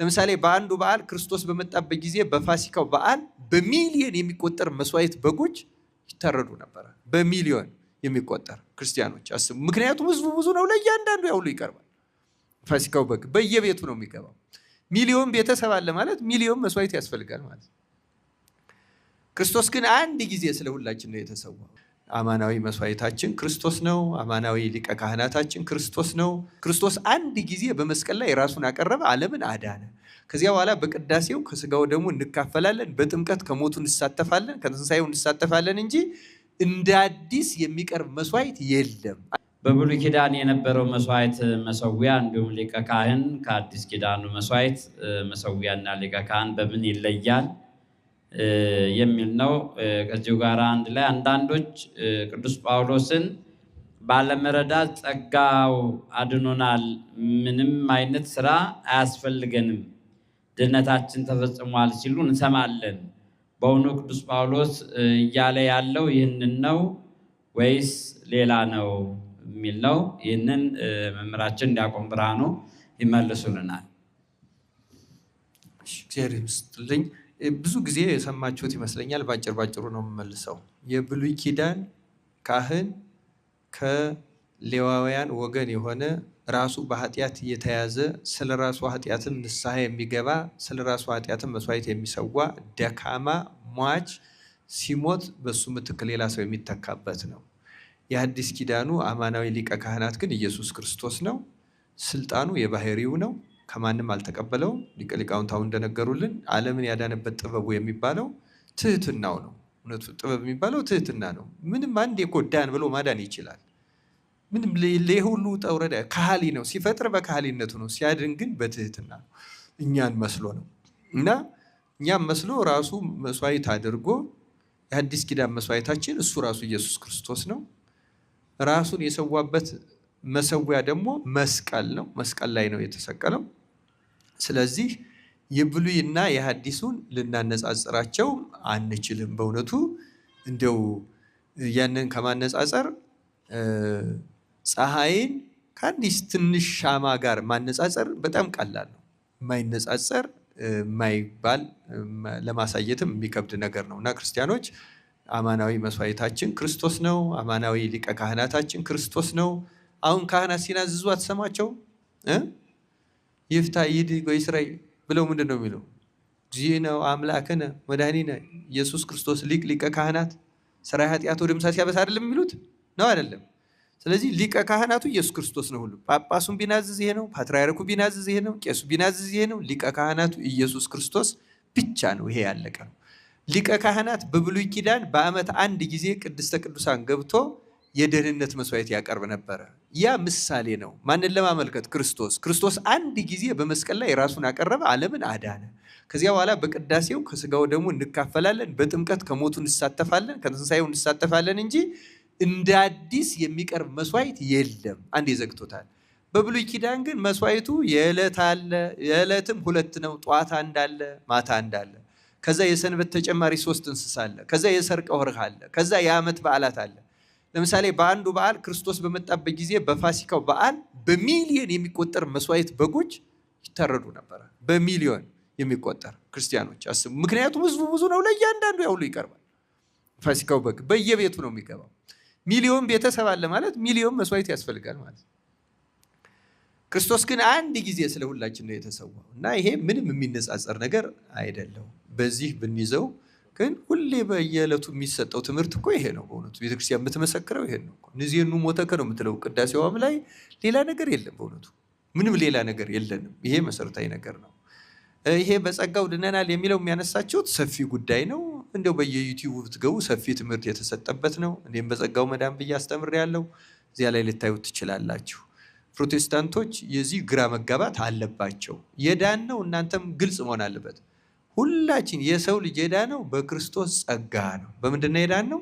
ለምሳሌ በአንዱ በዓል ክርስቶስ በመጣበት ጊዜ በፋሲካው በዓል በሚሊዮን የሚቆጠር መስዋዕት በጎች ይታረዱ ነበረ። በሚሊዮን የሚቆጠር ክርስቲያኖች አስቡ። ምክንያቱም ህዝቡ ብዙ ነው። ለእያንዳንዱ ያውሉ ይቀርባል። ፋሲካው በግ በየቤቱ ነው የሚገባው። ሚሊዮን ቤተሰብ አለ ማለት ሚሊዮን መስዋዕት ያስፈልጋል ማለት። ክርስቶስ ግን አንድ ጊዜ ስለ ሁላችን ነው የተሰዋው። አማናዊ መስዋዕታችን ክርስቶስ ነው። አማናዊ ሊቀ ካህናታችን ክርስቶስ ነው። ክርስቶስ አንድ ጊዜ በመስቀል ላይ ራሱን አቀረበ፣ ዓለምን አዳነ። ከዚያ በኋላ በቅዳሴው ከስጋው ደግሞ እንካፈላለን፣ በጥምቀት ከሞቱ እንሳተፋለን፣ ከትንሳኤው እንሳተፋለን እንጂ እንደ አዲስ የሚቀርብ መስዋዕት የለም። በብሉይ ኪዳን የነበረው መስዋዕት መሰዊያ፣ እንዲሁም ሊቀ ካህን ከአዲስ ኪዳኑ መስዋዕት መሰዊያና ሊቀ ካህን በምን ይለያል? የሚል ነው። ከዚሁ ጋር አንድ ላይ አንዳንዶች ቅዱስ ጳውሎስን ባለመረዳት ጸጋው አድኖናል፣ ምንም አይነት ስራ አያስፈልገንም፣ ድህነታችን ተፈጽሟል ሲሉ እንሰማለን። በእውኑ ቅዱስ ጳውሎስ እያለ ያለው ይህንን ነው ወይስ ሌላ ነው የሚል ነው። ይህንን መምህራችን ዲያቆን ብርሃኑ ይመልሱልናል። እግዚአብሔር ይመስገን። ብዙ ጊዜ የሰማችሁት ይመስለኛል። ባጭር ባጭሩ ነው የምመልሰው። የብሉይ ኪዳን ካህን ከሌዋውያን ወገን የሆነ ራሱ በኃጢአት የተያዘ ስለ ራሱ ኃጢአትም ንስሐ የሚገባ ስለ ራሱ ኃጢአትም መስዋዕት የሚሰዋ ደካማ ሟች ሲሞት በሱ ምትክ ሌላ ሰው የሚተካበት ነው። የአዲስ ኪዳኑ አማናዊ ሊቀ ካህናት ግን ኢየሱስ ክርስቶስ ነው። ስልጣኑ የባህሪው ነው። ከማንም አልተቀበለውም። ሊቀ ሊቃውንት አሁን እንደነገሩልን ዓለምን ያዳነበት ጥበቡ የሚባለው ትህትናው ነው። እውነቱ ጥበብ የሚባለው ትህትና ነው። ምንም አንድ የጎዳን ብሎ ማዳን ይችላል። ምንም ለሁሉ ጠውረዳ ካህሊ ነው። ሲፈጥር በካህሊነቱ ነው፣ ሲያድን ግን በትህትና ነው። እኛን መስሎ ነው እና እኛም መስሎ ራሱ መስዋዕት አድርጎ የአዲስ ኪዳን መስዋዕታችን እሱ ራሱ ኢየሱስ ክርስቶስ ነው። ራሱን የሰዋበት መሰዊያ ደግሞ መስቀል ነው። መስቀል ላይ ነው የተሰቀለው። ስለዚህ የብሉይና የሐዲሱን ልናነጻጽራቸው አንችልም። በእውነቱ እንደው ያንን ከማነጻጸር ፀሐይን ከአንዲስ ትንሽ ሻማ ጋር ማነጻጸር በጣም ቀላል ነው። የማይነጻጸር የማይባል ለማሳየትም የሚከብድ ነገር ነው እና ክርስቲያኖች አማናዊ መስዋዕታችን ክርስቶስ ነው። አማናዊ ሊቀ ካህናታችን ክርስቶስ ነው። አሁን ካህናት ሲናዝዙ አትሰማቸው ይፍታ ይድ ወይስራይ ብለው ምንድን ነው የሚለው? እግዚእ ነው አምላክነ መድኃኒነ ኢየሱስ ክርስቶስ ሊቅ ሊቀ ካህናት ሥራይ ኃጢአት ድምሳ ሲያበስ አይደለም የሚሉት ነው አይደለም። ስለዚህ ሊቀ ካህናቱ ኢየሱስ ክርስቶስ ነው። ሁሉ ጳጳሱን ቢናዝዝ ይሄ ነው፣ ፓትርያርኩ ቢናዝዝ ይሄ ነው፣ ቄሱ ቢናዝዝ ይሄ ነው። ሊቀ ካህናቱ ኢየሱስ ክርስቶስ ብቻ ነው። ይሄ ያለቀ ነው። ሊቀ ካህናት በብሉይ ኪዳን በዓመት አንድ ጊዜ ቅድስተ ቅዱሳን ገብቶ የደህንነት መስዋዕት ያቀርብ ነበረ። ያ ምሳሌ ነው። ማንን ለማመልከት? ክርስቶስ። ክርስቶስ አንድ ጊዜ በመስቀል ላይ ራሱን አቀረበ፣ ዓለምን አዳነ። ከዚያ በኋላ በቅዳሴው ከስጋው ደግሞ እንካፈላለን፣ በጥምቀት ከሞቱ እንሳተፋለን፣ ከትንሳኤው እንሳተፋለን እንጂ እንደ አዲስ የሚቀርብ መስዋዕት የለም። አንድ ይዘግቶታል። በብሉይ ኪዳን ግን መስዋዕቱ የዕለት አለ። የዕለትም ሁለት ነው። ጠዋት አንድ አለ፣ ማታ አንድ አለ። ከዛ የሰንበት ተጨማሪ ሶስት እንስሳ አለ። ከዛ የሰርቀ ወርህ አለ። ከዛ የዓመት በዓላት አለ። ለምሳሌ በአንዱ በዓል ክርስቶስ በመጣበት ጊዜ በፋሲካው በዓል በሚሊዮን የሚቆጠር መስዋዕት በጎች ይታረዱ ነበረ። በሚሊዮን የሚቆጠር ክርስቲያኖች አስቡ። ምክንያቱም ህዝቡ ብዙ ነው፣ ለእያንዳንዱ ያውሉ ይቀርባል። ፋሲካው በግ በየቤቱ ነው የሚገባው። ሚሊዮን ቤተሰብ አለ ማለት ሚሊዮን መስዋዕት ያስፈልጋል ማለት ነው። ክርስቶስ ግን አንድ ጊዜ ስለ ሁላችን ነው የተሰዋው እና ይሄ ምንም የሚነጻጸር ነገር አይደለም። በዚህ ብንይዘው ግን ሁሌ በየዕለቱ የሚሰጠው ትምህርት እኮ ይሄ ነው። በእውነቱ ቤተክርስቲያን የምትመሰክረው ይሄ ነው። ንዜኑ ሞተከ ነው የምትለው ቅዳሴዋም ላይ ሌላ ነገር የለም። በእውነቱ ምንም ሌላ ነገር የለንም። ይሄ መሰረታዊ ነገር ነው። ይሄ በጸጋው ድነናል የሚለው የሚያነሳቸውት ሰፊ ጉዳይ ነው። እንደው በየዩቲዩብ ብትገቡ ሰፊ ትምህርት የተሰጠበት ነው። እኔም በጸጋው መዳን ብዬ አስተምር ያለው እዚያ ላይ ልታዩት ትችላላችሁ። ፕሮቴስታንቶች የዚህ ግራ መጋባት አለባቸው። የዳን ነው እናንተም ግልጽ መሆን አለበት። ሁላችን የሰው ልጅ ሄዳ ነው። በክርስቶስ ጸጋ ነው። በምንድን ነው ነው?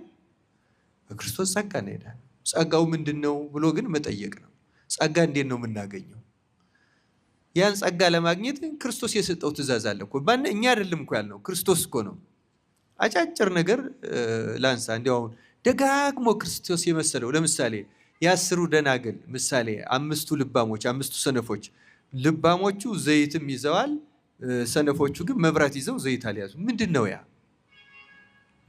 በክርስቶስ ጸጋ ነው ነው። ጸጋው ምንድን ነው ብሎ ግን መጠየቅ ነው። ጸጋ እንዴት ነው የምናገኘው? ያን ጸጋ ለማግኘት ክርስቶስ የሰጠው ትእዛዝ አለ እኮ ማን እኛ አይደለም እኮ ያልነው ክርስቶስ እኮ ነው። አጫጭር ነገር ላንሳ። እንዲያው አሁን ደጋግሞ ክርስቶስ የመሰለው ለምሳሌ የአስሩ ደናግል ምሳሌ፣ አምስቱ ልባሞች፣ አምስቱ ሰነፎች ልባሞቹ ዘይትም ይዘዋል ሰነፎቹ ግን መብራት ይዘው ዘይት አልያዙም። ምንድን ነው ያ?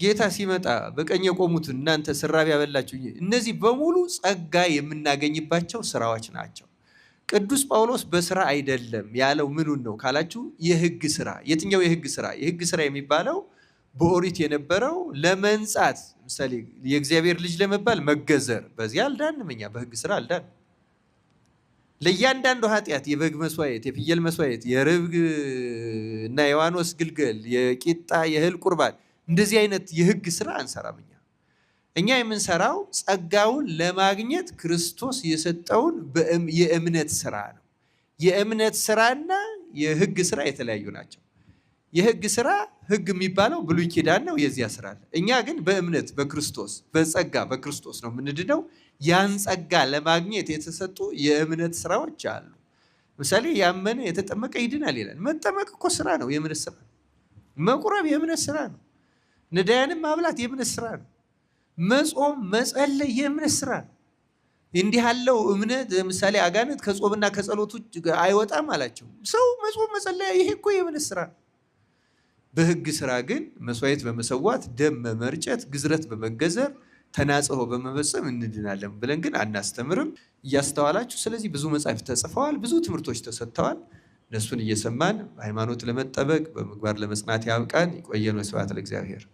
ጌታ ሲመጣ በቀኝ የቆሙት እናንተ ስራቢ ያበላችሁ፣ እነዚህ በሙሉ ጸጋ የምናገኝባቸው ስራዎች ናቸው። ቅዱስ ጳውሎስ በስራ አይደለም ያለው ምኑን ነው ካላችሁ፣ የህግ ስራ። የትኛው የህግ ስራ? የህግ ስራ የሚባለው በኦሪት የነበረው ለመንጻት፣ ምሳሌ የእግዚአብሔር ልጅ ለመባል መገዘር። በዚያ አልዳንም እኛ፣ በህግ ስራ አልዳንም። ለእያንዳንዱ ኃጢአት የበግ መስዋየት፣ የፍየል መስዋየት የርብግ እና የዋኖስ ግልገል፣ የቂጣ የእህል ቁርባን እንደዚህ አይነት የህግ ስራ አንሰራም። እኛ እኛ የምንሰራው ጸጋውን ለማግኘት ክርስቶስ የሰጠውን የእምነት ስራ ነው። የእምነት ስራና የህግ ስራ የተለያዩ ናቸው። የህግ ስራ ህግ የሚባለው ብሉይ ኪዳን ነው፣ የዚያ ስራ አለ። እኛ ግን በእምነት በክርስቶስ በጸጋ በክርስቶስ ነው የምንድነው። ያን ጸጋ ለማግኘት የተሰጡ የእምነት ስራዎች አሉ። ምሳሌ ያመነ የተጠመቀ ይድናል ይላል። መጠመቅ እኮ ስራ ነው፣ የእምነት ስራ ነው። መቁረብ የእምነት ስራ ነው። ነዳያንም ማብላት የእምነት ስራ ነው። መጾም መጸለይ የእምነት ስራ ነው። እንዲህ ያለው እምነት ምሳሌ አጋንንት ከጾምና ከጸሎት አይወጣም አላቸው። ሰው መጾም መጸለያ፣ ይሄ እኮ የእምነት ስራ ነው። በህግ ስራ ግን መስዋዕት በመሰዋት ደም በመርጨት ግዝረት በመገዘር ተናጽሆ በመፈጸም እንድናለን ብለን ግን አናስተምርም። እያስተዋላችሁ ስለዚህ ብዙ መጽሐፍ ተጽፈዋል፣ ብዙ ትምህርቶች ተሰጥተዋል። እነሱን እየሰማን ሃይማኖት ለመጠበቅ በምግባር ለመጽናት ያብቃን። ይቆየን። ስብሐት ለእግዚአብሔር።